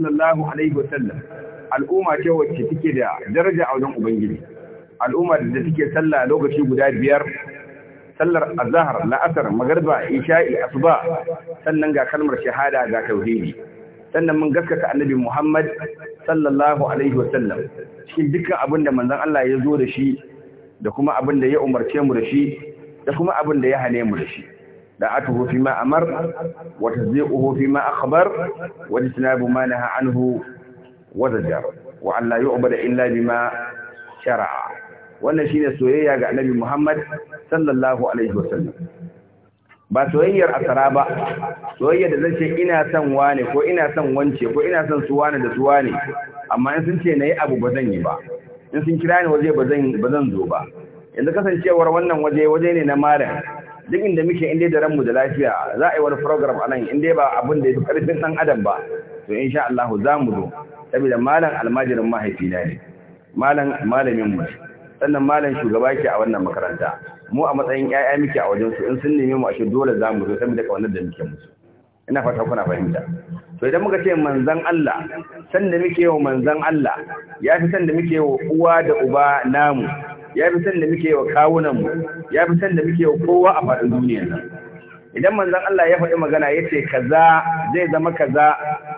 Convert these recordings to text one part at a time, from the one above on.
sallallahu alaihi wasallam al'umma ce wacce take da daraja a wajen ubangiji al'umma da take sallah lokaci guda biyar sallar azhar la'asar magriba isha'i asuba sannan ga kalmar shahada ga tauhidi sannan mun gaskata annabi Muhammad sallallahu alaihi wasallam cikin dukkan abinda manzon Allah ya zo da shi da kuma abinda ya umarce mu da shi da kuma abinda ya hane mu da shi da'atuhu فيما أمر amar فيما أخبر fi ما نهى عنه وزجر ma naha anhu wa zajar wa an la yu'bada illa bima shar'a wannan shine soyayya ga Muhammad sallallahu alaihi ba soyayyar asara ba soyayya da zan ce ina son wane ko ina son wance ko ina son su wane da su wane amma in sun ce nayi abu ba zan yi ba in sun kira ni waje ba zan ba zan zo ba yanzu kasancewar wannan waje waje ne na malam duk inda muke inda da ranmu da lafiya za a yi wani program a nan inda ba abin da ya fi karfin ɗan adam ba to insha Allah za mu zo saboda malam almajirin mahaifina ne malam malamin mu sannan malam shugaba ke a wannan makaranta mu a matsayin ƴaƴa muke a wajen su in sun neme mu a shi dole za mu zo saboda kaunar da muke musu ina fata kuna fahimta to idan muka ce manzan Allah san da muke wa manzan Allah ya fi san da muke wa uwa da uba namu ya fi san da muke wa kawunan mu ya fi san da muke wa kowa a faɗin duniyar nan idan manzan Allah ya faɗi magana ya ce kaza zai zama kaza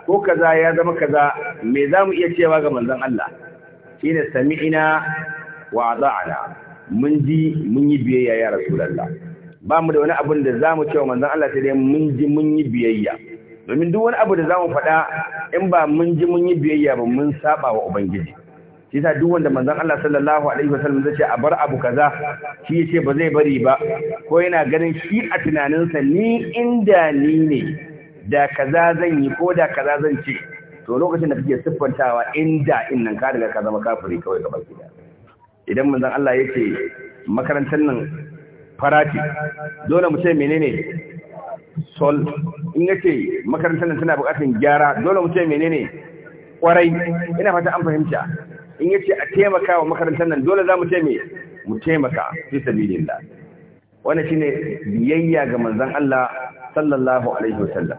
ko kaza ya zama kaza me za mu iya cewa ga manzan Allah shine sami'ina wa ata'ana mun ji mun yi biyayya ya rasulullah ba mu da wani abin da za mu ce wa manzon Allah sai dai mun ji mun yi biyayya domin duk wani abu da za mu faɗa in ba mun ji mun yi biyayya ba mun saba wa ubangiji yasa duk wanda manzon Allah sallallahu alaihi wasallam zai ce a bar abu kaza shi yace ba zai bari ba ko yana ganin shi a tunaninsa ni inda ni ne da kaza zan yi ko da kaza zan ce to lokacin da kake siffantawa inda in nan ka daga ka zama kafiri kawai gaba gida idan manzon Allah yace makarantar nan farati dole mu ce menene sol in yace makarantar nan tana buƙatar gyara dole mu ce menene kwarai ina fata an fahimta in yace a taimaka wa makarantar nan dole za mu mu taimaka fi sabilillah wannan shine biyayya ga manzon Allah sallallahu alaihi wasallam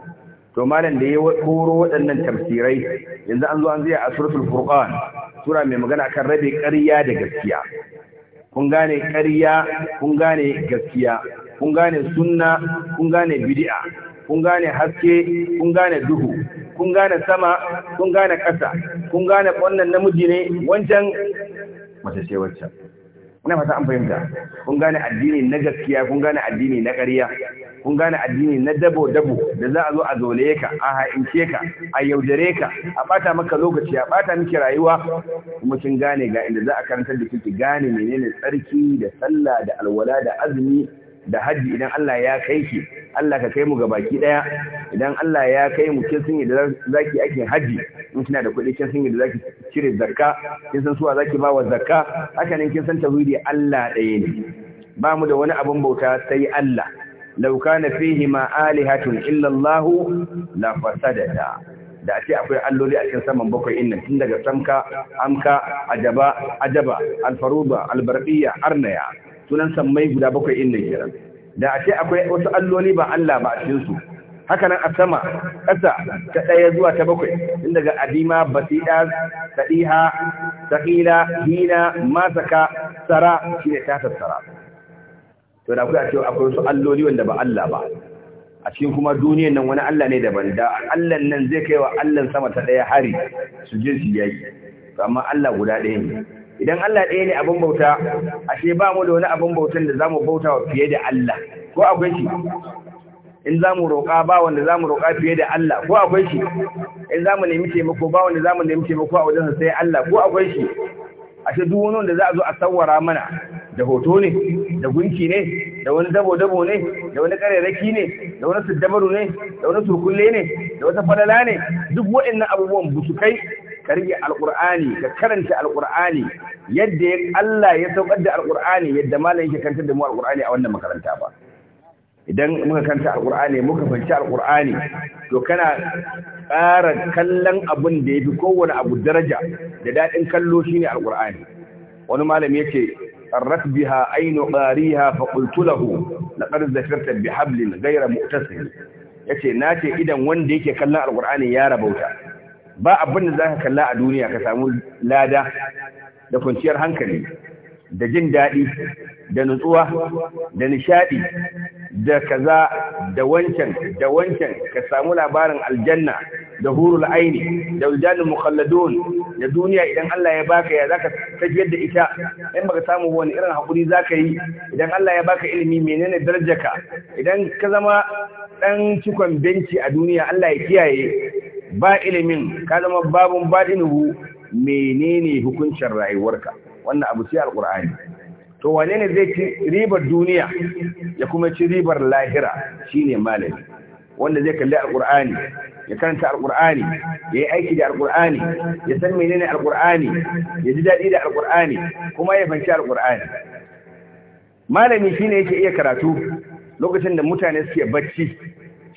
to malam da ya koro waɗannan tafsirai yanzu an zo an zai a suratul furqan sura mai magana akan rabe ƙarya da gaskiya kun gane ƙarya kun gane gaskiya kun gane sunna kun gane bid'a kun gane haske kun gane duhu kun gane sama kun gane ƙasa kun gane wannan namiji ne wancan mace ce wancan ina fata an fahimta kun gane addini na gaskiya kun gane addini na ƙarya kun gane addini na dabo dabo da za a zo a zole ka a ha'ince ka a yaudare ka a bata maka lokaci a bata miki rayuwa kuma kin gane ga inda za a karantar da kiki gane menene tsarki da sallah da alwala da azumi da haji idan Allah ya kai Allah ka kai mu ga baki daya idan Allah ya kai mu kin sun yi da zaki ake haji in kina da kuɗi kin sun yi da zaki cire zakka kin san suwa zaki ba wa zakka haka nan kin san tauhidi Allah ɗaya ne ba mu da wani abin bauta sai Allah law kana fihi ma alihatun illa Allah la fasadata da ake akwai alloli a cikin saman bakwai innan tun daga samka amka ajaba ajaba alfaruba Albarkiya, arnaya sunan sammai guda bakwai inda kenan da a ce akwai wasu alloli ba Allah ba a cikin su haka nan a sama ƙasa ta ɗaya zuwa ta bakwai tun daga adima basida sadiha saqila hina masaka sara shine ta tattara to da a ce akwai wasu alloli wanda ba Allah ba a cikin kuma duniyar nan wani Allah ne daban da Allah nan zai kai wa Allah sama ta ɗaya hari su je su yayi amma Allah guda ɗaya ne idan Allah ɗaya ne abin bauta ashe ba mu da wani abin bautan da zamu bauta wa fiye da Allah ko akwai shi in zamu roƙa ba wanda zamu roƙa fiye da Allah ko akwai shi in zamu nemi taimako ba wanda zamu nemi taimako a wajen sa sai Allah ko akwai shi ashe duk wani wanda za a zo a sawwara mana da hoto ne da gunki ne da wani dabo dabo ne da wani kareraki ne da wani siddabaru ne da wani turkulle ne da wata falala ne duk waɗannan abubuwan busukai ka rike alkur'ani ka karanta alkurani yadda Allah ya saukar da alkurani yadda malamin yake kantar da mu alqur'ani a wannan makaranta ba idan muka kanta alqur'ani muka fahimci alkur'ani to kana ƙara kallon abin da yafi kowane abu daraja da dadin kallo shine alkur'ani wani malami yace qarrat biha aynu qariha fa qultu lahu laqad zakarta bihablin ghayra mu'tasil yace nace idan wanda yake kallon alkur'ani ya rabauta ba abin da zaka kalla a duniya ka samu lada da kwanciyar hankali da jin daɗi da nutsuwa da nishaɗi da kaza da wancan da wancan ka samu labarin aljanna da hurul aini da uljanul mukhalladun da duniya idan Allah ya baka ya zaka tafiyar da ita in baka samu wani irin hakuri zaka yi idan Allah ya baka ilimi menene darajarka idan ka zama dan cikon benci a duniya Allah ya kiyaye ba ilimin ka zama babun baɗinuhu menene hukuncin rayuwarka wannan abu ce alkur'ani to wane ne zai ci ribar duniya ya kuma ci ribar lahira shine malami wanda zai kalli alkur'ani ya karanta alkur'ani ya yi aiki da alkur'ani ya san menene alkur'ani ya ji daɗi da alkur'ani kuma ya fanci alkur'ani malami shine yake iya karatu lokacin da mutane suke bacci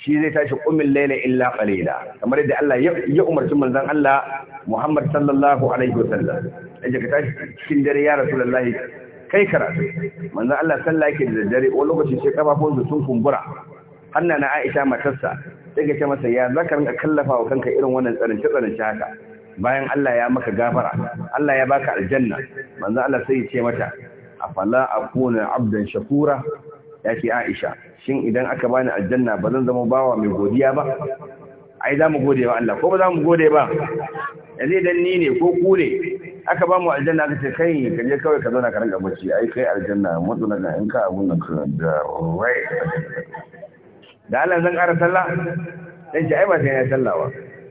shi zai tashi qumil laila illa qalila kamar yadda Allah ya umarci manzon Allah Muhammad sallallahu alaihi wasallam aje ka tashi cikin dare ya rasulullahi kai karatu manzon Allah sallallahu alaihi da dare wani lokaci sai kafafun su sun kumbura hanna na Aisha matarsa take ce masa ya zaka rinka kallafa wa kanka irin wannan tsarin tsarin haka bayan Allah ya maka gafara Allah ya baka aljanna manzon Allah sai ya ce mata afala akuna abdan shakura yake Aisha shin idan aka bani aljanna ba zan zama bawa mai godiya ba ai za mu gode wa Allah ko ba za mu gode ba yanzu idan ni ne ko ku ne aka ba mu aljanna aka ce kai ka je kawai ka zauna ka rinka bacci ai kai aljanna mutu na ga in ka abun nan da rai da Allah zan ƙara sallah dan ji ai ba sai na sallah ba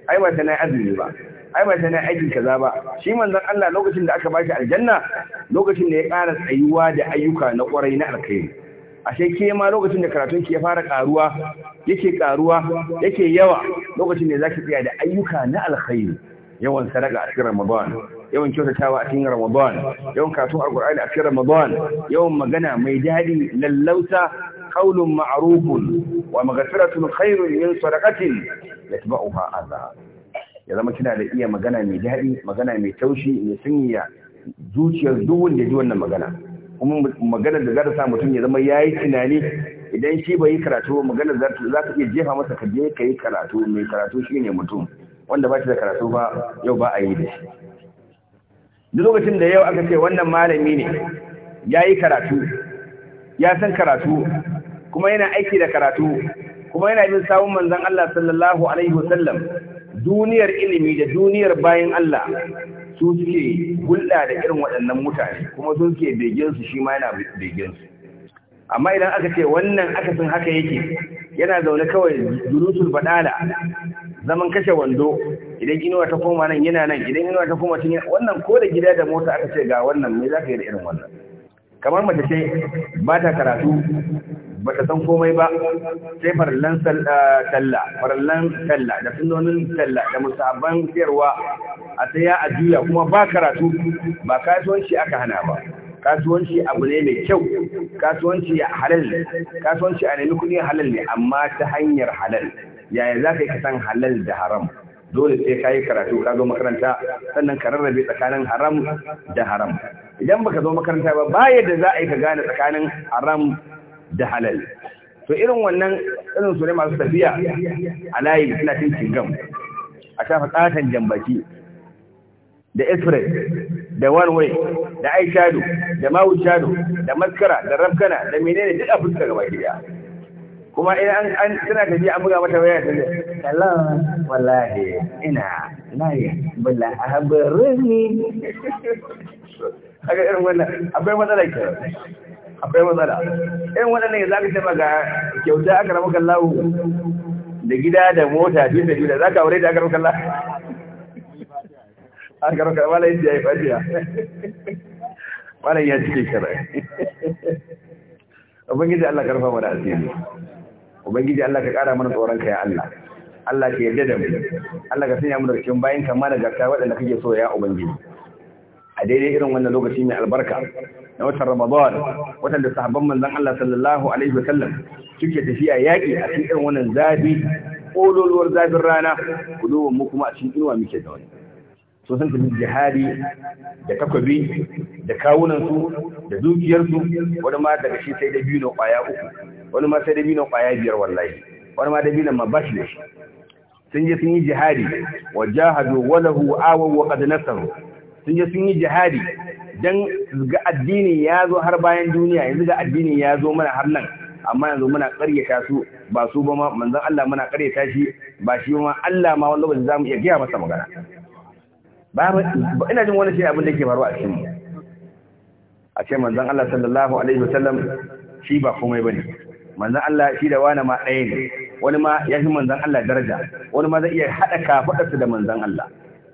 ai ba sai na azumi ba ai ba sai na aiki kaza ba shi manzon Allah lokacin da aka ba shi aljanna lokacin da ya ƙara tsayuwa da ayyuka na ƙwarai na alkhairi ashe ke ma lokacin da karatun ki ya fara karuwa yake karuwa yake yawa lokacin da zaki tsaya da ayyuka na alkhairi yawan sadaka a cikin Ramadan yawan kyautatawa a cikin Ramadan yawan karatun alqur'ani a cikin Ramadan yawan magana mai dadi lallauta qaulun ma'rufun wa maghfiratun khairun min sadaqatin yatba'uha adha ya zama kina da iya magana mai dadi magana mai taushi mai sunyiya zuciyar duk wanda ya ji wannan magana kuma maganar da za ta sa mutum ya zama ya yi tunani idan shi bai yi karatu maganar za ta iya jefa masa ka je ka yi karatu mai karatu shi ne mutum wanda ba shi da karatu ba yau ba a yi da shi duk lokacin da yau aka ce wannan malami ne ya yi karatu ya san karatu kuma yana aiki da karatu kuma yana bin sabon manzon Allah sallallahu alaihi wasallam duniyar ilimi da duniyar bayan Allah su suke hulɗa da irin waɗannan mutane kuma su suke begensu shi ma yana begensu amma idan aka ce wannan akasin haka yake yana zaune kawai julusul fadala zaman kashe wando idan inuwa ta koma nan yana nan idan inuwa ta koma tun wannan ko da gida da mota aka ce ga wannan me za ka yi da irin wannan kamar mace ce ba ta karatu ba ta san komai ba sai farallan ah, talla farallan talla da sunonin talla da musabban siyarwa a saya a juya kuma ba karatu ba kasuwanci aka hana ba kasuwanci abu ne mai kyau kasuwanci halal ne kasuwanci a nemi kuɗi halal ne amma ta hanyar halal yaya za ka yi kasan halal da haram dole sai ka yi karatu ka zo makaranta sannan ka rarrabe tsakanin haram da haram idan baka zo makaranta ba ba yadda za a yi ka gane tsakanin haram da halal to irin wannan irin su ne masu tafiya a layi suna cin cingam a shafa katon jambaki da express da one way da aishado, da mouth shadow da maskara da rabkana, da menene duk a fuska gaba daya kuma idan an tana tafiya an buga mata waya ta ce wallahi ina nayi bala habarini haka irin wannan akwai matsala ke akwai matsala irin waɗannan ya za ka taɓa ga kyauta aka ramu kallahu da gida da mota biyu da biyu da za ka aure da aka ramu kallahu. an karo ka wala yadda yayi fatiha wala ya cike shirai ubangiji Allah karfa mu da asiri ubangiji Allah ka kara mana tsoron ka ya Allah Allah ke yadda da mu Allah ka sanya mu da cikin bayin ka mana garta waɗanda kake so ya ubangiji a daidai irin wannan lokaci mai albarka na watan Ramadan watan waɗanda sahabban manzon Allah sallallahu alaihi wasallam suke tafiya yaƙi a cikin irin wannan zafi kololuwar zafin rana ku mu kuma a cikin inuwa muke da wani sun san tafi jihadi da takwabi da kawunansu da dukiyarsu wani ma daga shi sai da biyu na kwaya uku wani ma sai da biyu na kwaya biyar wallahi wani ma biyu na mabashi sun je sun yi jihadi wa jahadu walahu awa wa qad nasaru sun je sun yi jihadi dan ga addini ya zo har bayan duniya yanzu ga addini ya zo mana har nan amma yanzu muna ƙaryata su ba su ba ma manzon Allah muna ƙaryata shi ba shi ma Allah ma wani lokaci zamu iya gaya masa magana babu ina jin wani shi abin da ke faruwa a cikin a ce manzon Allah sallallahu alaihi wasallam shi ba komai bane manzon Allah shi da wani ma ɗaya ne wani ma ya fi manzon Allah daraja wani ma zai iya hada kafadarsa da manzon Allah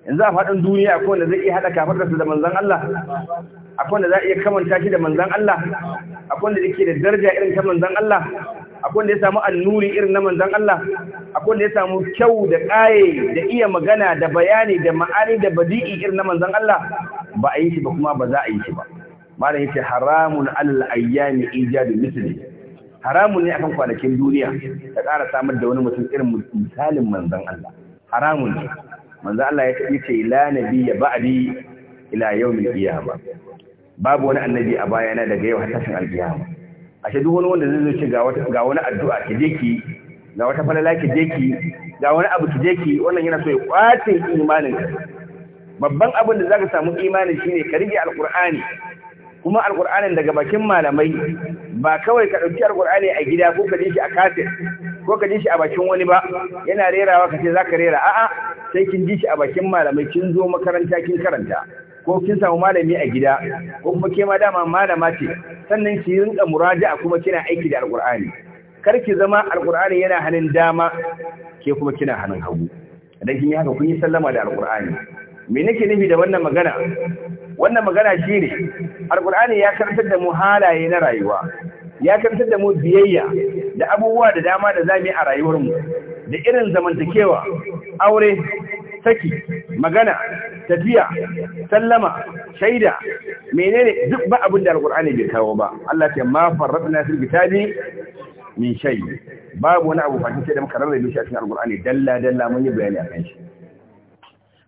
yanzu a faɗin duniya akwai wanda zai iya hada kafadarsa da manzon Allah akwai wanda za a iya kamanta shi da manzon Allah akwai wanda yake da daraja irin ta manzon Allah akwai da ya samu annuri irin na Manzan Allah akwai da ya samu kyau da ƙaye da iya magana da bayani da ma'ani da badi'i irin na Manzan Allah ba a yi shi ba kuma ba za a yi shi ba malam yake haramun Allah ayyami da misli haramun ne akan kwanakin duniya ta ƙara samar da wani mutum irin misalin Manzan Allah haramun ne Manzan Allah ya ce la nabiyya ba'di ila iya qiyamah babu wani annabi a bayana daga yau har tashin ashe duk wani wanda zai zo ce ga wani addu'a ki je ki ga wata falala ki je ki ga wani abu ki je ki wannan yana so ya kwace imanin ka babban abin da zaka samu imanin shine ka rige alqur'ani kuma alqur'anin daga bakin malamai ba kawai ka dauki alqur'ani a gida ko ka ji shi a kaset ko ka ji shi a bakin wani ba yana rerawa ka ce zaka rera a'a sai kin ji shi a bakin malamai kin zo makaranta kin karanta ko kin samu malami a gida ko kuma ke ma dama malama ce sannan ki rinka a kuma kina aiki da alqur'ani kar ki zama alqur'ani yana hannun dama ke kuma kina hannun hagu dan kin yi haka kun yi sallama da alqur'ani me nake nufi da wannan magana wannan magana shine alqur'ani ya karantar da mu halaye na rayuwa ya karantar da mu biyayya da abubuwa da dama da zamu yi a rayuwar mu da irin zamantakewa aure saki magana tafiya sallama shaida menene duk ba abin da alkur'ani bai kawo ba Allah ce ma farradna fil kitabi min shay babu wani abu fatin sai da muka rarrabe shi a cikin alkur'ani dalla dalla mun yi bayani a kan shi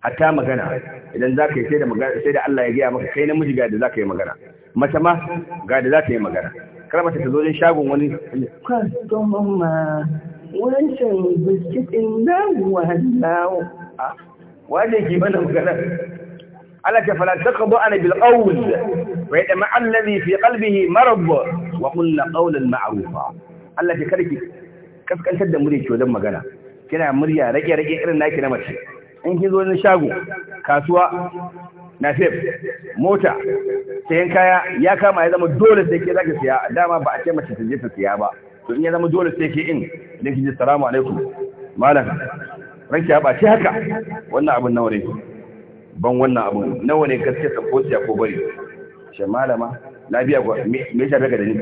hatta magana idan zaka yi sai da magana sai da Allah ya gaya maka kai miji ga da zaka yi magana mace ma ga da zaka yi magana kar mace ta zo jin shagon wani kwastomin ma wancan biskit ɗin nan wahala Ah, wajen kima mana maganar Allah ta fala taqdu ana bil qawl da yadma fi kalbihi marabba wa qul qawlan ma'rufa Allah karki kaskantar da murya kyodon magana kina murya rage rage irin naki na mace in ki zo wani shago kasuwa na fef mota sayan kaya ya kama ya zama dole sai ke zaka siya dama ba a ce mace ta je ta siya ba to in ya zama dole sai ke in da ki ji assalamu alaikum malam ranki ya ɓaci haka wannan abin nawa ne ban wannan abin nawa ne gaske ta kociya ko bari shi malama na biya ko me ya daga da ni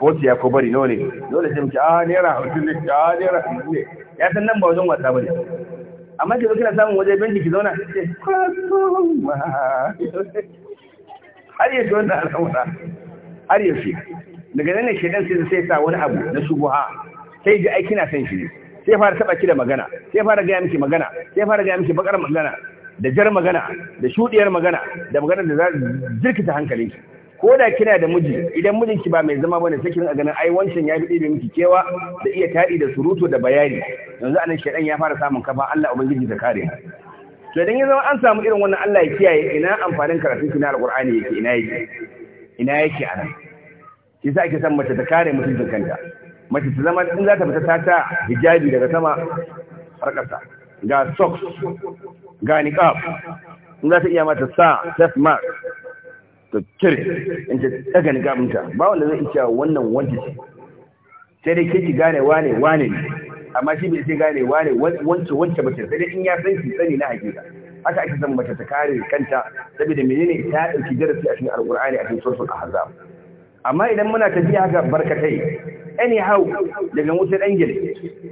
kociya ko bari nawa ne dole sai muke a ah, naira hutun ne a ah, naira hamsin ne ya san nan ba wajen wasa ba ne amma ki zo kina samun waje benci ki zauna ce ma. har yaushe wannan al'amura har yaushe daga nan ne shedan sai sai sa wani abu na shubuha sai ji ai kina san shi ne sai fara taba ki da magana sai fara gaya miki magana sai fara gaya miki bakar magana da jar magana da shudiyar magana da magana da za jirkita ki ko da kina da miji idan mijin ki ba mai zama bane sai kin ganin ai wancan ya bi miki kewa da iya tadi da surutu da bayani yanzu anan shedan ya fara samun kafa Allah ubangiji ta kare to idan ya zama an samu irin wannan Allah ya kiyaye ina amfanin karatun kina alqur'ani yake ina yake ina yake anan shi ake san mace ta kare mutuncin kanta mace ta zama in za ta fita ta ta hijabi daga sama har ƙasa ga socks ga niqab in za ta iya mata sa face mark to cire in ta daga niqabinta ba wanda zai iya wannan wanda sai dai kiki gane wane wane ne amma shi bai sai gane wane wance wance mace sai dai in ya san shi sani na hakika haka ake san mace ta kare kanta saboda menene ta dauki darasi a cikin alqur'ani a cikin a ahzab amma idan muna tafiya haka barkatai anyhow daga wutar angel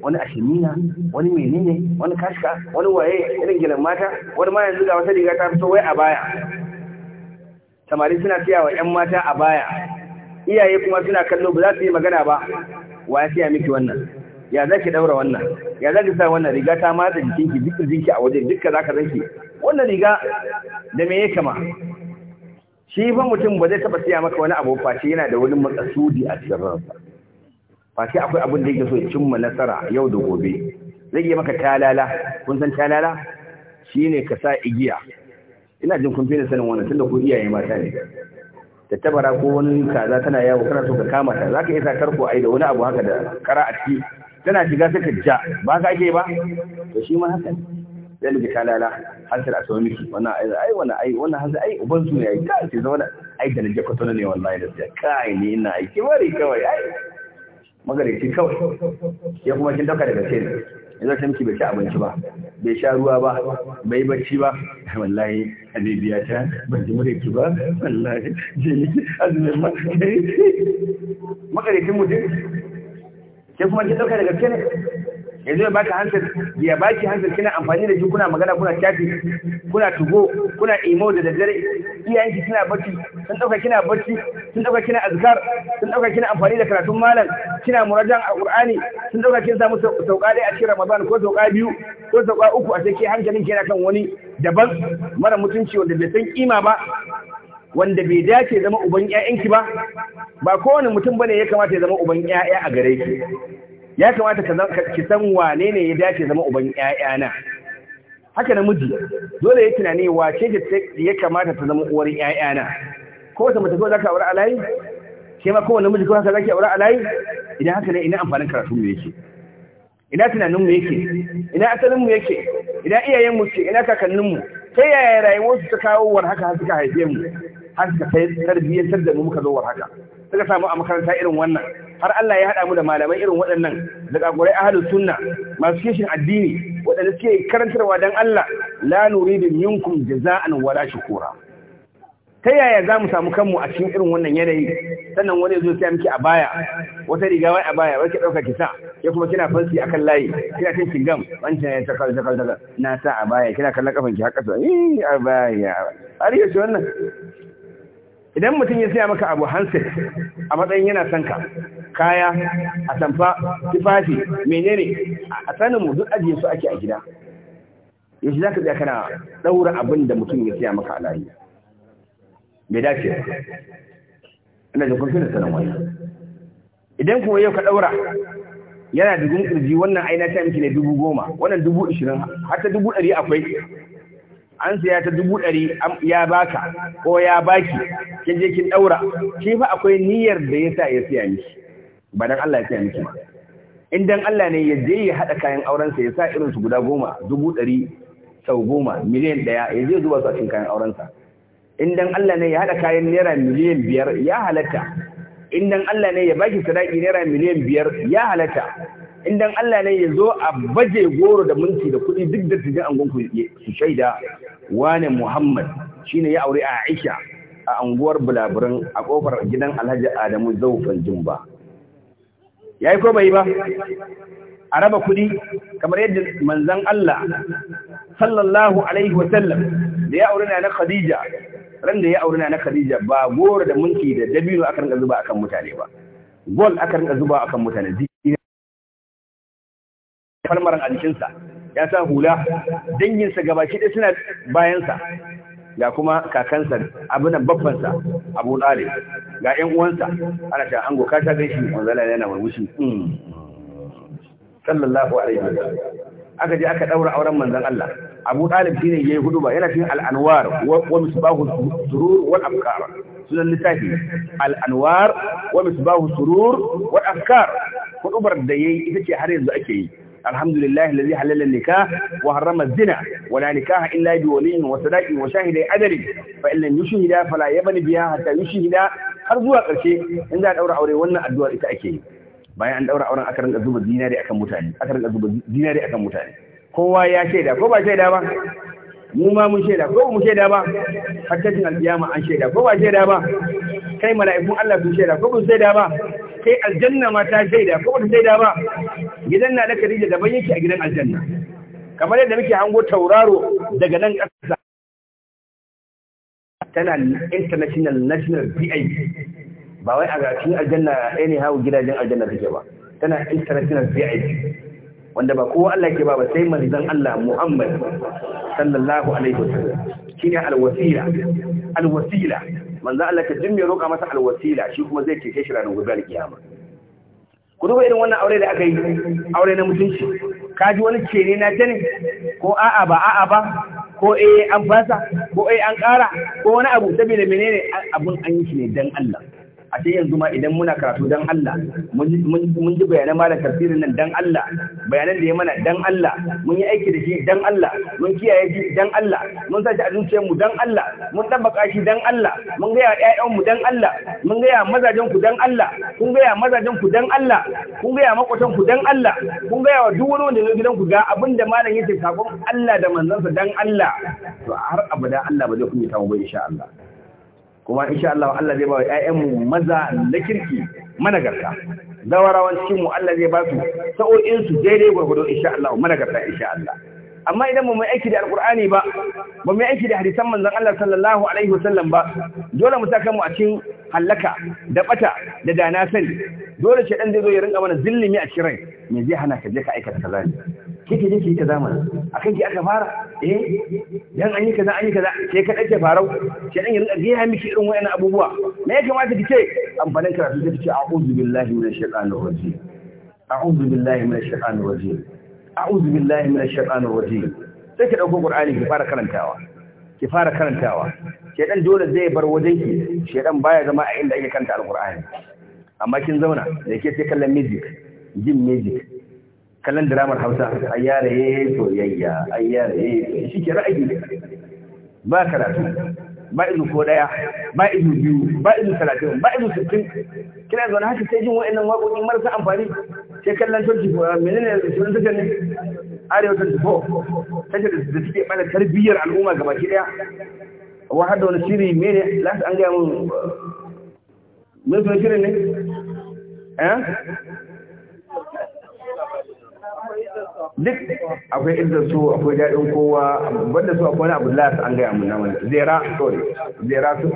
wani ashimina wani menene wani kashka wani waye irin gilan mata wani ma yanzu ga wata riga ta fito wai a baya samari suna tsaya wa ƴan mata a baya iyaye kuma suna kallo ba za su yi magana ba wa ya tsaya miki wannan ya za ki daura wannan ya za ki sa wannan riga ta matsa jikinki duk jinki a waje dukka za ka zanki wannan riga da me ya kama shi ba mutum ba zai taɓa siya maka wani abu face yana da wani matsasudi a cikin ransa face akwai abin da yake so ya cimma nasara yau da gobe zai yi maka talala kun san talala shine ka sa igiya ina jin kun fina sanin wannan tunda ku iyaye mata ne Tattabara tabara ko wani kaza tana yawo kana so ka kama ta zaka isa tarko ai da wani abu haka da kara a ciki tana shiga sai ka ja ba ka ake ba to shi ma haka ne ya liji kalala hansar astronomy wannan ai wannan ai wannan hansar ai uban su ne ai ka sai zama ai da naje kwato ne wallahi da sai kai ne ina ai wari kawai ai ki kawai ya kuma kin dauka daga cikin yanzu sai miki bai ci abinci ba bai sha ruwa ba bai bacci ba wallahi alibiya ta ban ji mure ki ba wallahi ni azumin ma mu je ke kuma kin dauka daga cikin yanzu ya ka hansar ya baki hansar kina amfani da shi kuna magana kuna tafi kuna tugo kuna imo da daddare iyayenki kina barci sun dauka kina barci sun dauka kina azkar sun dauka kina amfani da karatun malam kina murajan alqur'ani sun dauka kin samu sauka dai a cikin ramadan ko sauka biyu ko sauka uku a cikin hankalin kina kan wani daban mara mutunci wanda bai san kima ba wanda bai dace zama uban ƴaƴanki ba ba kowane mutum bane ya kamata ya zama uban 'ya'ya a gare ki ya kamata ki san wane ne ya dace zama uban ‘ya'yana haka namiji dole ya tunani wace ya kamata ta zama uwar ‘ya'yana ko wata mace ko za ka aure alayi? ke ma kowane namiji ko haka za ki aure alayi? idan haka ne ina amfanin karatu mu yake ina tunaninmu yake ina asalinmu yake ina iyayenmu ce ina kakanninmu ta yaya rayuwarsu ta kawo war haka har suka haife mu har suka tarbiyyantar da mu muka zo war haka suka samu a makaranta irin wannan har Allah ya haɗa mu da malamai irin waɗannan da ƙaƙurai ahalu sunna masu kishin addini waɗanda suke karantarwa don Allah la nuridin minkum jaza'an wala shukura ta yaya za mu samu kanmu a cikin irin wannan yanayi sannan wani zo sai miki a baya wata riga wai a baya wai ki ɗauka ki sa ya kuma kina fansi akan layi kina cin shingam wancan ya ta kalta kalta na sa a baya kina kallon kafan ki har kasa eh a baya har yaushe wannan idan mutum ya siya maka abu hansi a matsayin yana son ka kaya a tamfa tufafi menene a sanin duk ajiye su ake a gida Ya shi za ka tsaya kana ɗaura abin da mutum ya siya maka a layi bai dace ina da kun da sanin wani idan kuma yau ka ɗaura yana dubu ƙirji wannan aina ta miki ne dubu goma wannan dubu ishirin har ta dubu ɗari akwai an siya ta dubu ɗari ya baka ko ya baki kin je kin ɗaura shi fa akwai niyyar da ya sa ya siya miki ba dan Allah ya siya miki ba in dan Allah ne ya je ya haɗa kayan aurensa ya sa irin su guda goma dubu ɗari sau goma miliyan ɗaya ya je zuba su a cikin kayan aurensa in dan Allah ne ya haɗa kayan naira miliyan biyar ya halatta in dan Allah ne ya baki sadaki naira miliyan biyar ya halatta in dan Allah ne ya zo a baje goro da minti da kuɗi duk da tijin angon ku su shaida wane Muhammad shine ya aure Aisha a anguwar Bulaburin a kofar gidan Alhaji Adamu Zaufan Jumba yayi ko bai ba a raba kuɗi kamar yadda manzon Allah sallallahu alaihi wa sallam da ya aure na Khadija ran da ya aure na Khadija ba goro da minti da dabino aka rinka zuba akan mutane ba gol aka rinka zuba akan mutane farmaran a ya sa hula danginsa gabaki ɗaya suna bayansa ga kuma kakansa abinan babbansa abu ɗale ga ‘yan uwansa ana ta ango ka ta ganshi wanzala yana murmushi sallallahu alaihi wasallam aka je aka daura auren manzan Allah Abu ɗalib shi Talib shine yayi huduba yana cikin al-anwar wa misbahu surur wal afkar sunan littafi al-anwar wa misbahu surur wal afkar hudubar da yi ita ce har yanzu ake yi alhamdulillah alladhi halala nikah wa harrama zina wa nikaha illa bi waliyin wa sadaqin wa shahidai adalin fa in lam yushhida fala yabni biha hatta yushhida har zuwa karshe in za a aure wannan addu'ar ita ake yi bayan an daura auren aka rinka zuba dinari akan mutane dinari akan mutane kowa ya shaida ko ba shaida ba mu ma mun shaida ko mu shaida ba hakkacin alkiyama an shaida ko ba shaida ba kai mala'ikun Allah sun shaida ko ba shaida ba kai aljanna ma ta shaida ko ba shaida ba gidan na da Khadija daban yake a gidan aljanna kamar yadda muke hango tauraro daga nan ƙasa tana international national VIP ba wai a gashin aljanna ne hawo gidajen aljanna take ba tana international VIP wanda ba kowa Allah ke ba ba sai manzon Allah Muhammad sallallahu alaihi wasallam shine alwasila alwasila manzon Allah ta jimmi roƙa masa alwasila shi kuma zai cece shi ranar gobe alkiyama ku duba irin wannan aure da aka yi aure na mutunci ka ji wani ce ne na ta ne ko a'a ba a'a ba ko eh an fasa ko eh an ƙara ko wani abu saboda menene abun an yi shi ne dan Allah a ce yanzu ma idan muna karatu dan Allah mun ji bayanan malam tafsirin nan dan Allah bayanan da ya mana dan Allah mun yi aiki da shi dan Allah mun kiyaye shi dan Allah mun sa shi a zuciyar mu dan Allah mun tabbaka shi dan Allah mun ga ya mu dan Allah mun ga ya mazajen ku dan Allah kun ga ya mazajen ku dan Allah kun ga ya makwatan ku dan Allah kun ga ya duk wani wanda zai gidan ku ga abinda malam yake sakon Allah da manzansa dan Allah to har abada Allah ba zai kunyata mu ba insha Allah kuma insha Allah Allah zai ba wa ƴaƴanmu maza na kirki managarta zawarawan cikin mu Allah zai ba su sa'o'in su daidai gurgudu insha Allah managarta insha Allah amma idan mu mai aiki da alqur'ani ba ba mai aiki da hadisan manzon Allah sallallahu alaihi wasallam ba dole mu saka mu a cikin hallaka da bata da dana sani dole shedan zai zo ya rinka mana zillimi a cikin rai me zai hana ka je ka aikata kaza ne kike je ki ta akan ki aka fara eh dan an yi kaza an yi kaza sai ka dake farau shedan ya rinka gaya miki irin wayannan abubuwa me ya kamata ki ce amfanin karatu sai ki ce a'udhu billahi minash shaitanir rajim a'udhu billahi minash shaitanir rajim a'udhu billahi minash shaitanir rajim sai ki dauko qur'ani ki fara karantawa ki fara karantawa shedan dole zai bar wajen ki shedan baya zama a inda ake karanta alqur'ani amma kin zauna da ke sai kallon music jin music kallon dramar Hausa ayyare soyayya ayyare shi ke ra'ayi ba karatu ba izu ko daya ba izu biyu ba izu talatin ba izu sittin kina zauna haka sai jin wa'annan waƙoƙi marasa amfani sai kallon turki ko menene sunan ne arewa ta ko tashar da suke mana tarbiyyar al'umma gaba ki daya wa hada wani shiri mene lati an gaya mun mun shirin ne eh duk akwai inda su akwai daɗin kowa banda su akwai wani abu las an gaya mun namun zera sorry zera su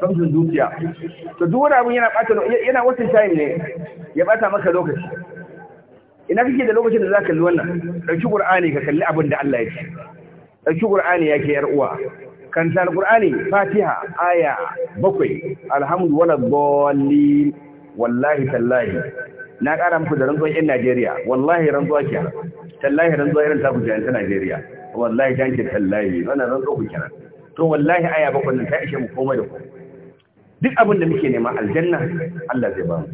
samsun dukiya to duk wani abu yana ɓata yana wasu time ne ya ɓata maka lokaci ina kake da lokacin da za ka kalli wannan ɗauki ƙur'ani ka kalli abin da Allah ya ce ɗauki ƙur'ani ya ke ‘yar uwa kanta alƙur'ani fatiha aya bakwai alhamdu wala dhalli wallahi tallahi na ƙara muku da rantsuwar ‘yan Najeriya wallahi rantsuwa ke tallahi rantsuwa irin ta kujerar ta Najeriya wallahi janke tallahi wannan rantsuwa ku kenan to wallahi aya bakwai ta ishe mu komai da ku. duk abin da muke nema aljanna Allah zai ba mu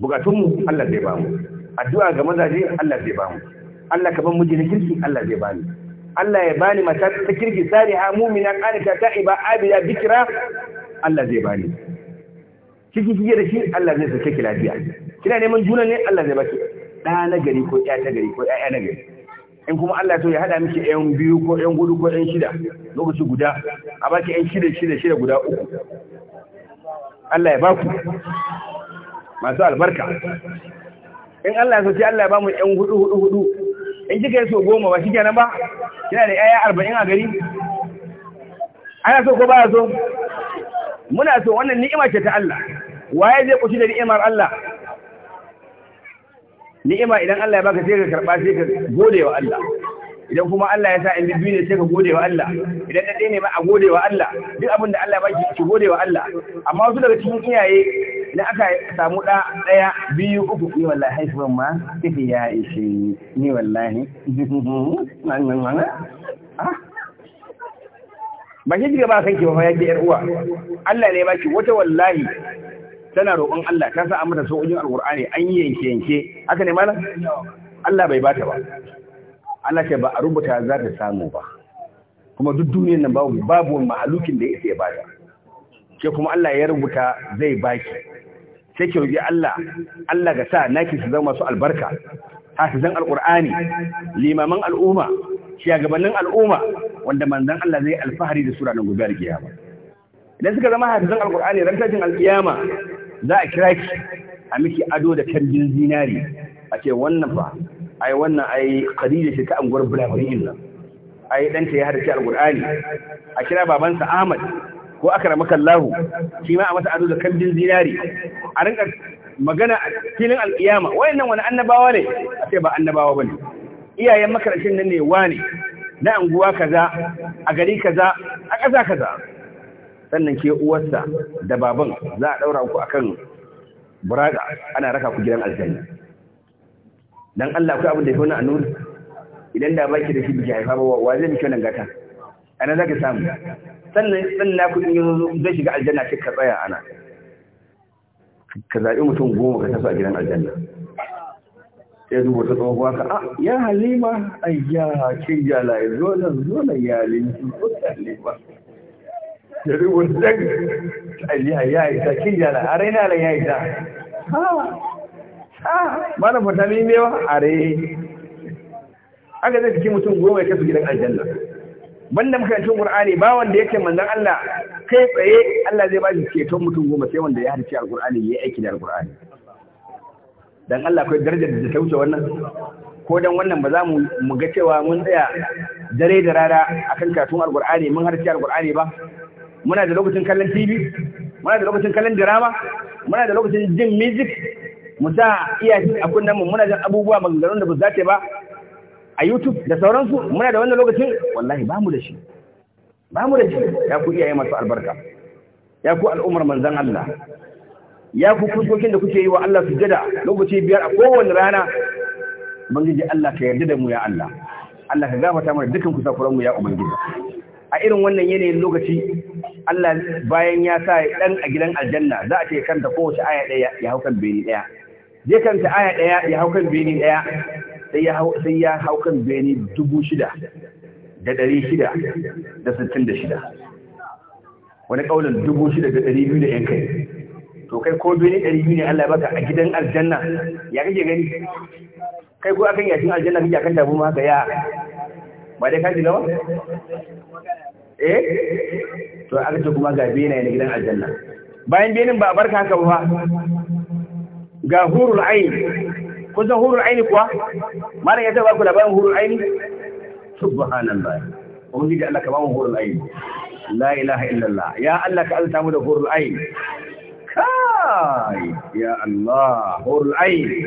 bukatunmu Allah zai ba mu addu'a ga mazaje Allah zai bamu Allah ka ban miji na kirki Allah zai bani Allah ya bani mata ta kirki saliha mu'mina qanita ta'iba abida bikra Allah zai bani kiki kike da shi Allah zai sake ki lafiya kina neman juna ne Allah zai baki da na gari ko ya ta gari ko ya na gari in kuma Allah to ya hada miki ɗayan biyu ko ɗayan gudu ko ɗayan shida lokaci guda a baki ɗayan shida shida shida guda uku Allah ya baku masu albarka in Allah so sai Allah ya mu yan hudu hudu hudu in kika so goma ba shikenan ba kina da yaya arba'in a gari ana so ko ba so muna so wannan ni'ima ce ta Allah waye zai kushi da ni'imar Allah ni'ima idan Allah ya baka sai ka karba sai ka gode wa Allah idan kuma Allah ya sa in bibbi ne sai ka gode wa Allah idan da ɗaya ne ma a gode wa Allah duk abin da Allah ya baki ki gode wa Allah amma wasu daga cikin iyaye da aka samu ɗa ɗaya biyu uku ni wallahi haifuwan ma Tafi ya ishe ni wallahi ba shi jiga ba kan ki mafaya ya ke yar uwa Allah ne ba ki wata wallahi tana roƙon Allah ta sa a mata sojin alƙur'ani an yi yanke yanke haka ne malam Allah bai bata ba Allah ce ba a rubuta za ta samu ba kuma duk duniyar nan babu babu mahalukin da yake bata ke kuma Allah ya rubuta zai baki sai ki Allah Allah ga sa naki su zama masu albarka hafizan alqur'ani limaman al'umma shugabannin al'umma wanda manzon Allah zai alfahari da sura nan gobe alkiyama idan suka zama hafizan alqur'ani ran tashin alkiyama za a kira ki a miki ado da kambin zinari a ce wannan fa ai wannan ai Khadija ce ta anguwar Ibrahim nan ai danta ya al alqur'ani a kira babansa Ahmad ko aka ramaka kallahu shi ma a masa ado da kambin zinari a rinka magana a filin al'iyama wayannan wani annabawa ne a ce ba annabawa ba ne. iyayen makarashin nan ne ne? na anguwa kaza a gari kaza a ƙasa kaza sannan ke uwarsa da baban za a ɗaura ku kan buraga ana raka ku gidan aljanna Don Allah akwai abin da ya fi wani annuri idan da baki da shi biki haifa ba wa zai kyau wannan gata ana za ka samu sannan sannan kudin yanzu zai shiga aljanna sai ka tsaya ana ka zaɓi mutum goma ka tafi a gidan aljanna ya zuba ta tsohuwa ka ah, ya halima ayya kin jala ya zo nan zo nan ya halima halima ya rubu dan aliya ya isa ta kin jala a raina da ya isa. ha ha mana fatami ne a rai aka zai cikin mutum goma ya kasu gidan aljanna banda makarantun Qur'ani ba wanda yake manzon Allah kai tsaye Allah zai ba shi ceton mutum goma sai wanda ya harci Alƙur'ani, qurani yayi aiki da Alƙur'ani. qurani dan Allah kai darajar da ta wuce wannan ko dan wannan ba za mu mu ga cewa mun tsaya dare da rana akan karatun Al-Qur'ani mun harci Alƙur'ani ba muna da lokacin kallon TV muna da lokacin kallon drama muna da lokacin jin music mu sa iya a kunnen mu muna jin abubuwa maganganun da ba za ta ba a YouTube da sauransu muna da wannan lokacin wallahi ba mu da shi ba mu da shi ya ku iyaye masu albarka ya ku al'ummar manzan Allah ya ku kuskokin da kuke yi wa Allah jada lokaci biyar a kowane rana ubangiji Allah ka yarda da mu ya Allah Allah ka gafarta mana dukkan kusakuran mu ya ubangiji a irin wannan yanayin lokaci Allah bayan ya sa dan a gidan aljanna za a ce kanta kowace aya daya ya haukan beni daya je kanta aya daya ya haukan beni daya sai ya hau sai ya hau kan beni shida. wani dubu shida, da yan kai to kai ko beni 200 ne Allah ya baka a gidan aljanna ya kake gani kai ko akan yashin aljanna kake akan tabu ma ga ya ba dai kaji lawa eh to aka ce kuma ga benaye na gidan aljanna bayan benin ba a barka haka ba ga hurul ain kun san hurul aini kuwa mara ya taba ku labarin hurul aini subhanallah da Allah ka ba mu hurul aini la ilaha illallah ya Allah ka alta mu da hurul aini kai ya Allah hurul aini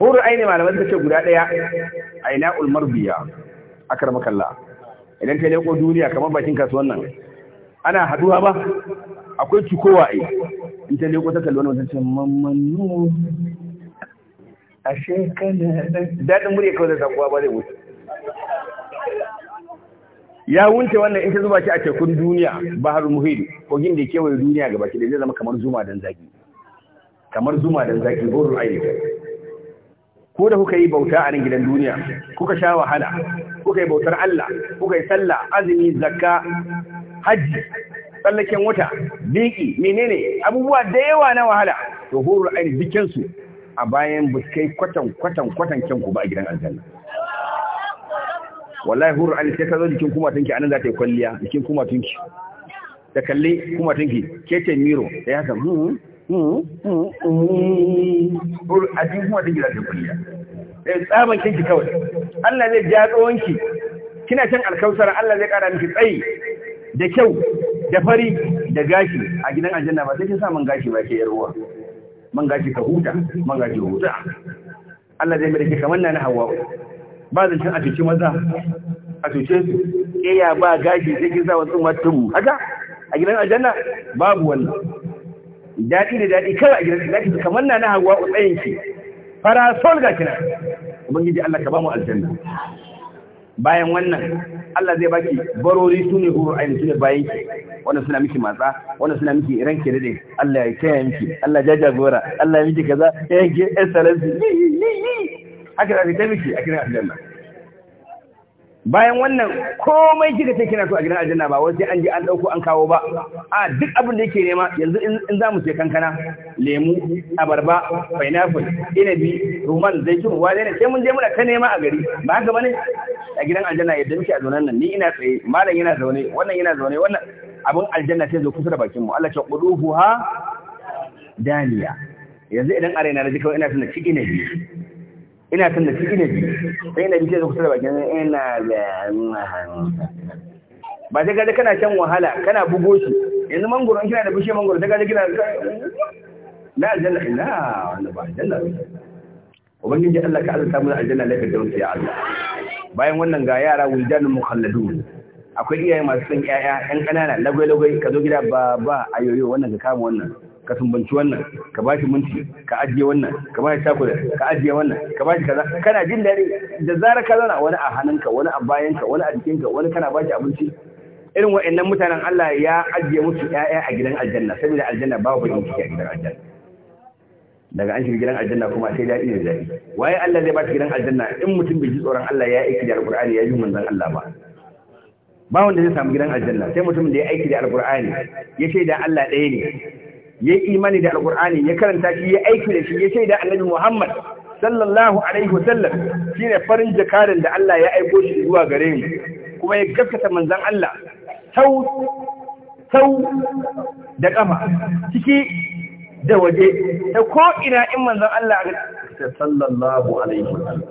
hurul aini malaman ta ce guda daya aina ul marbiya akramakallah idan ka leko duniya kamar bakin kasuwan nan ana haduwa ba akwai cikowa ai in ta leko ta kalli wani wata ce ashe kana daɗin murya kawai da zakuwa ba zai wuce ya wunce wannan in ka zuba shi a tekun duniya bahar muhid kogin da kewaye duniya ga baki da zai zama kamar zuma dan zaki kamar zuma dan zaki horul aini ko da kuka yi bauta a nan gidan duniya kuka sha wahala kuka yi bautar Allah kuka yi sallah azumi zakka hajji tsallaken wata biki menene abubuwa da yawa na wahala to horar ainihin dukkan su a bayan buskai kwatan kwatan kwatan kyan ku ba a gidan aljanna wallahi huru ali sai ka zo jikin kuma tunki anan za ta yi kwalliya jikin kuma tunki da kalli kuma tunki ke ce miro da ya hmm, hmm, hmm, hmm. huru a jikin kuma tunki za ta yi kwalliya sai tsaban kinki kawai Allah zai ja tsawonki kina can alkausar Allah zai kara miki tsayi da kyau da fari da gashi a gidan aljanna ba sai kin sa man gashi ba ke yarwa man gaji ka huta man gaji huta Allah zai mai da ke kamar na hawa ba zan cin a cuci maza a cuce su iya eh, ba gashi sai kin sa wasu matubu haka a gidan aljanna babu wannan daɗi da daɗi kawai a gidan daɗi kamar na hawa tsayin ki sol ga kina ubangiji Allah ka ba mu aljanna bayan wannan Allah zai baki barori su ne huru ainihin su ne bayan ki wannan suna miki matsa wannan suna miki ranke ke dade Allah ya kaya miki Allah ya jagora Allah ya miki kaza ya yanke excellency haka da miki a kiran aljanna bayan wannan komai kika ta kina so a gidan aljanna ba wasu an ji an dauko an kawo ba a duk abin da yake nema yanzu in za mu ce kankana lemu abarba pineapple inabi ruman zaitun wa ne sai mun je muna ta nema a gari ba haka bane a gidan aljanna yadda muke a zaunan nan ni ina tsaye malam yana zaune wannan yana zaune wannan abin aljanna sai zo kusa da bakin mu Allah ce quduhuha daniya yanzu idan arena da kawai ina tuna ciki ne ina son da shi ina ji sai inabi sai kusa da bakin ina da ba sai gaje kana shan wahala kana bugo shi yanzu mangoro in kina da bishe mangoro sai gaje kina Na aljanna ina wanda ba aljanna ubangiji Allah ka azurta mu aljanna lafiya da rufi ya Allah bayan wannan ga yara wuldanul mukhalladun akwai iyaye masu son ƴaƴa ƴan ƙanana lagwai lagwai ka zo gida ba ba ayoyo wannan ka kama wannan ka sumbanci wannan ka ba shi minti ka ajiye wannan ka ba shi chocolate ka ajiye wannan ka ba shi kaza kana jin daɗi da zarar ka zana wani a hannunka wani a bayanka wani a jikinka wani kana ba shi abinci irin wa'annan mutanen Allah ya ajiye musu ƴaƴa a gidan aljanna saboda aljanna babu yin ciki a gidan aljanna daga an shiga gidan aljanna kuma sai daɗi da daɗi waye Allah zai ba shi gidan aljanna in mutum bai ji tsoron Allah ya aiki da alƙur'ani ya yi manzon Allah ba ba wanda zai samu gidan aljanna sai mutum da ya aiki da alƙur'ani ya ce da Allah ɗaya ne ya yi imani da alkur'ani ya karanta shi ya aiki da shi ya shaida annabi muhammad sallallahu alaihi wasallam shine farin jakarin da Allah ya aiko shi zuwa gare mu kuma ya gaskata manzon Allah tau da kafa ciki da waje ta ko ina in manzon Allah sallallahu alaihi wasallam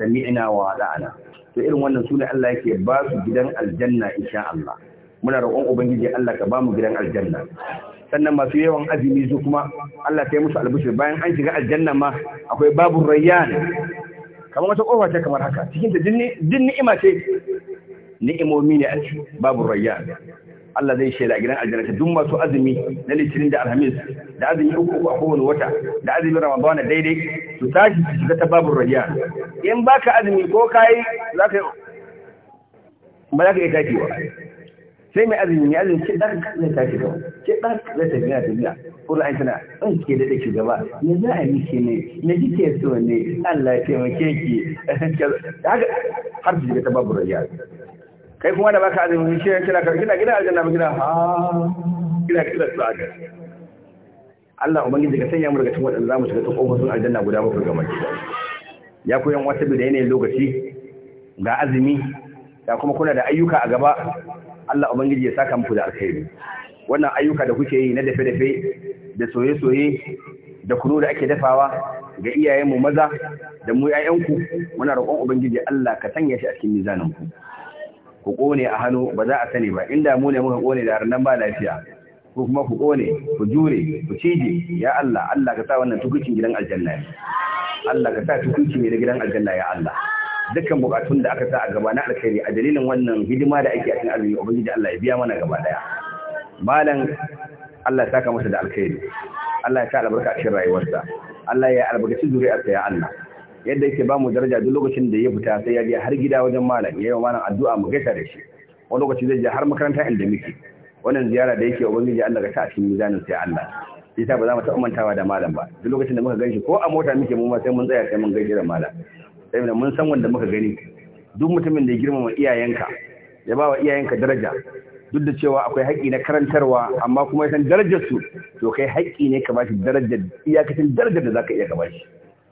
sami'na wa da'ana to irin wannan sune Allah yake ba su gidan aljanna insha Allah muna roƙon ubangiji Allah ka ba mu gidan aljanna sannan masu yawan azumi su kuma Allah ta yi musu albishir bayan an shiga aljanna ma akwai babu rayyan kamar wata kofa ce kamar haka cikin ta din ni'ima ce ni'imomi ne a babu rayyan Allah zai shaida a gidan aljanna duk masu azumi na litinin da alhamis da azumi uku uku a kowane wata da azumin ramadana daidai su tashi su shiga ta babu rayyan in baka azumi ko kai zaka ba za ka iya takewa sai mai azumi ya azumi ke dan zai tafi gaba ke dan zai tafi na tafiya kuma an tana in ke da take gaba ne za a yi ke ne na kike so ne Allah ya taimake ki haka har ki ga tababu rayya kai kuma da baka azumi shi kira ka kina gida aljanna ba gida ha kina kira su aga Allah ubangiji ka sanya mu daga cikin wadanda zamu shiga kofofin aljanna guda bakwai ga maki ya koyan wata da yanayin lokaci ga azumi ya kuma kuna da ayyuka a gaba Allah ubangiji ya saka muku da alkhairi wannan ayyuka da kuke yi na dafe-dafe da soye-soye da kunu da ake dafawa ga iyayenmu maza da mu ƴaƴanku muna roƙon ubangiji Allah ka sanya shi a cikin mizanin ku ku kone a hannu ba za a sani ba inda mu ne muka kone da harnan ba lafiya ko kuma ku kone ku jure ku cije ya Allah Allah ka sa wannan tukucin gidan aljanna ya Allah ka sa tukucin gidan aljanna ya Allah dukkan bukatun da aka sa a gaba na alkhairi a dalilin wannan hidima da ake a cikin azumi ubangiji Allah ya biya mana gaba daya malam Allah ya saka masa da alkhairi Allah ya sa albarka a cikin rayuwarsa Allah ya albarkaci zuriyarsa ya Allah yadda yake ba mu daraja duk lokacin da ya fita sai ya je har gida wajen malam ya yi malam addu'a mu gaisa da shi wani lokaci zai je har makaranta inda muke wannan ziyara da yake ubangiji Allah ga ta a cikin mizanin sai Allah yasa ba za mu taɓa mantawa da malam ba duk lokacin da muka ganshi ko a mota muke mu ma sai mun tsaya sai mun gaishe da malam saboda mun san wanda muka gani duk mutumin da ya girmama iyayenka ya ba wa iyayenka daraja duk da cewa akwai haƙƙi na karantarwa amma kuma ya san darajar su to kai haƙƙi ne ka bashi darajar iyakacin darajar da zaka iya ka bashi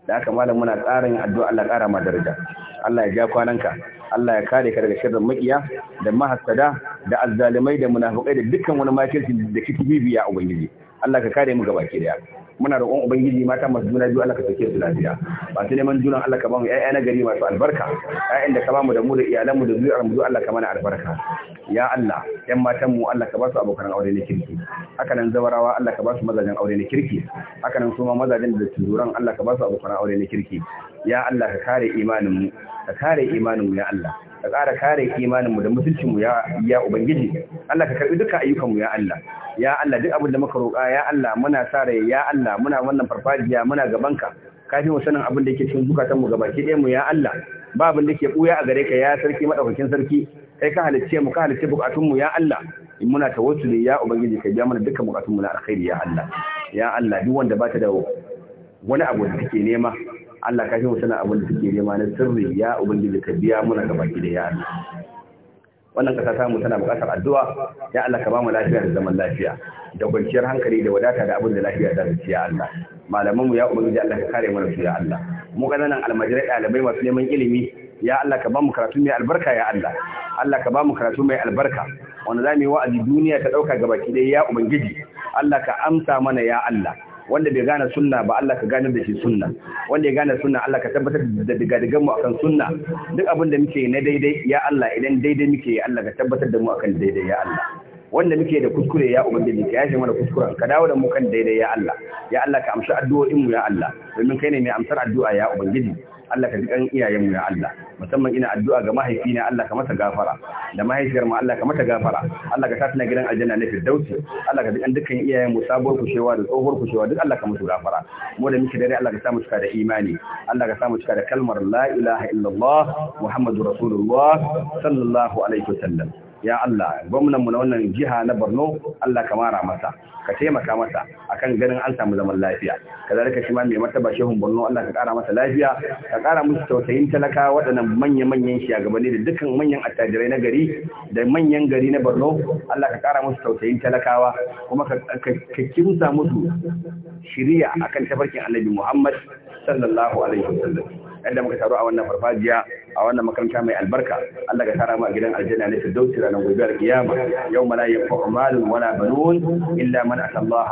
da haka malam muna tsarin addu'a Allah ƙara ma daraja Allah ya ja kwananka Allah ya kare ka daga sharrin makiya da mahassada da azzalimai da munafikai da dukkan wani makirci da kike bibiya ubangiji Allah ka kare mu gaba ki daya muna roƙon ubangiji mata masu juna biyu Allah ka sake su lafiya masu neman juna Allah ka ba mu ƴaƴa na gari masu albarka ƴaƴan da ka ba mu da mu da iyalan mu da zuriyar mu Allah ka mana albarka ya Allah ƴan matan mu Allah ka ba su abokan aure na kirki haka zawarawa Allah ka ba su mazajen aure na kirki haka nan suma mazajen da tuzuran Allah ka ba su abokan aure na kirki ya Allah ka kare imanin mu ka kare imanin ya Allah ka ƙara kare imaninmu da mutuncinmu ya ya ubangiji Allah ka karbi dukkan ayyukanmu ya Allah ya Allah duk abin da muka roƙa ya Allah muna sa rai ya Allah muna wannan farfajiya muna gabanka kafin fi sanin abin da yake cikin zukatanmu gabaki ɗaya mu ya Allah ba abin da yake buya a gare ka ya sarki madaukakin sarki kai ka halicce mu ka halicce bukatunmu ya Allah in muna tawassuli ya ubangiji ka biya mana dukkan bukatunmu na alkhairi ya Allah ya Allah duk wanda ba ta da wani abu da take nema Allah ka shi wasu na abin da suke nema na sirri ya ubangiji ka biya muna gaba ki da ya Allah wannan kasa mu tana buƙatar addu'a ya Allah ka ba mu lafiya da zaman lafiya da kwanciyar hankali da wadata da abin da lafiya ta ci ya Allah malaman mu ya ubangiji Allah ka kare mana su ya Allah mu kananan almajirai ɗalibai masu neman ilimi ya Allah ka ba mu karatu mai albarka ya Allah Allah ka ba mu karatu mai albarka wanda za mu yi wa'azi duniya ta ɗauka ga baki da ya ubangiji Allah ka amsa mana ya Allah wanda bai gane sunna ba Allah ka gane da shi sunna wanda ya gane sunna Allah ka tabbatar da digadigan mu akan sunna duk abin da muke na daidai ya Allah idan daidai muke Allah ka tabbatar da mu akan daidai ya Allah wanda muke da kuskure ya ubangiji ka yashe mana kuskuren ka dawo da mu kan daidai ya Allah ya Allah ka amsa addu'o'in mu ya Allah domin kai ne mai amsar addu'a ya ubangiji Allah ka iyayen iyayenmu ya Allah musamman ina addu'a ga mahaifi ne Allah ka masa gafara da mahaifiyar mu Allah ka mata gafara Allah ka na gidan aljanna na firdausi Allah ka dukan dukkan iyayen mu sabuwar kushewa da tsohuwar kushewa duk Allah ka musu gafara mu da muke dare Allah ka sa cika da imani Allah ka sa cika da kalmar la ilaha illallah muhammadur rasulullah sallallahu alaihi wasallam ya Allah gwamnan mu na wannan jiha na Borno Allah ka mara masa ka taimaka masa akan ganin an samu zaman lafiya kazalika shi ma mai martaba shehun Borno Allah ka kara masa lafiya ka kara musu tausayin talaka waɗannan manya-manyan shugabanni da dukkan manyan attajirai na gari da manyan gari na Borno Allah ka kara musu tausayin talakawa kuma ka kimsa musu shiriya akan tafarkin Annabi Muhammad sallallahu alaihi wasallam inda muka taru a wannan farfajiya a wannan makaranta mai albarka Allah ka tara mu a gidan aljanna ne fi dauki ranar gobe kiyama yawma la yanfa'u malun wala banun illa man ata Allah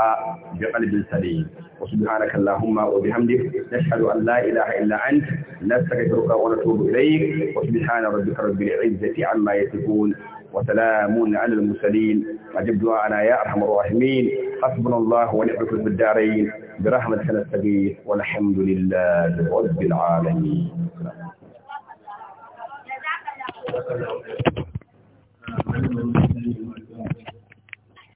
bi qalbin salim wa subhanaka allahumma wa bihamdik nashhadu an la ilaha illa ant nastaghfiruka wa natubu ilayk wa subhana rabbika rabbil izzati amma yasifun وسلام على المرسلين أجب دعاءنا يا الراحمين حسبنا الله ونعم برحمتك نستغيث والحمد لله رب العالمين Thank you.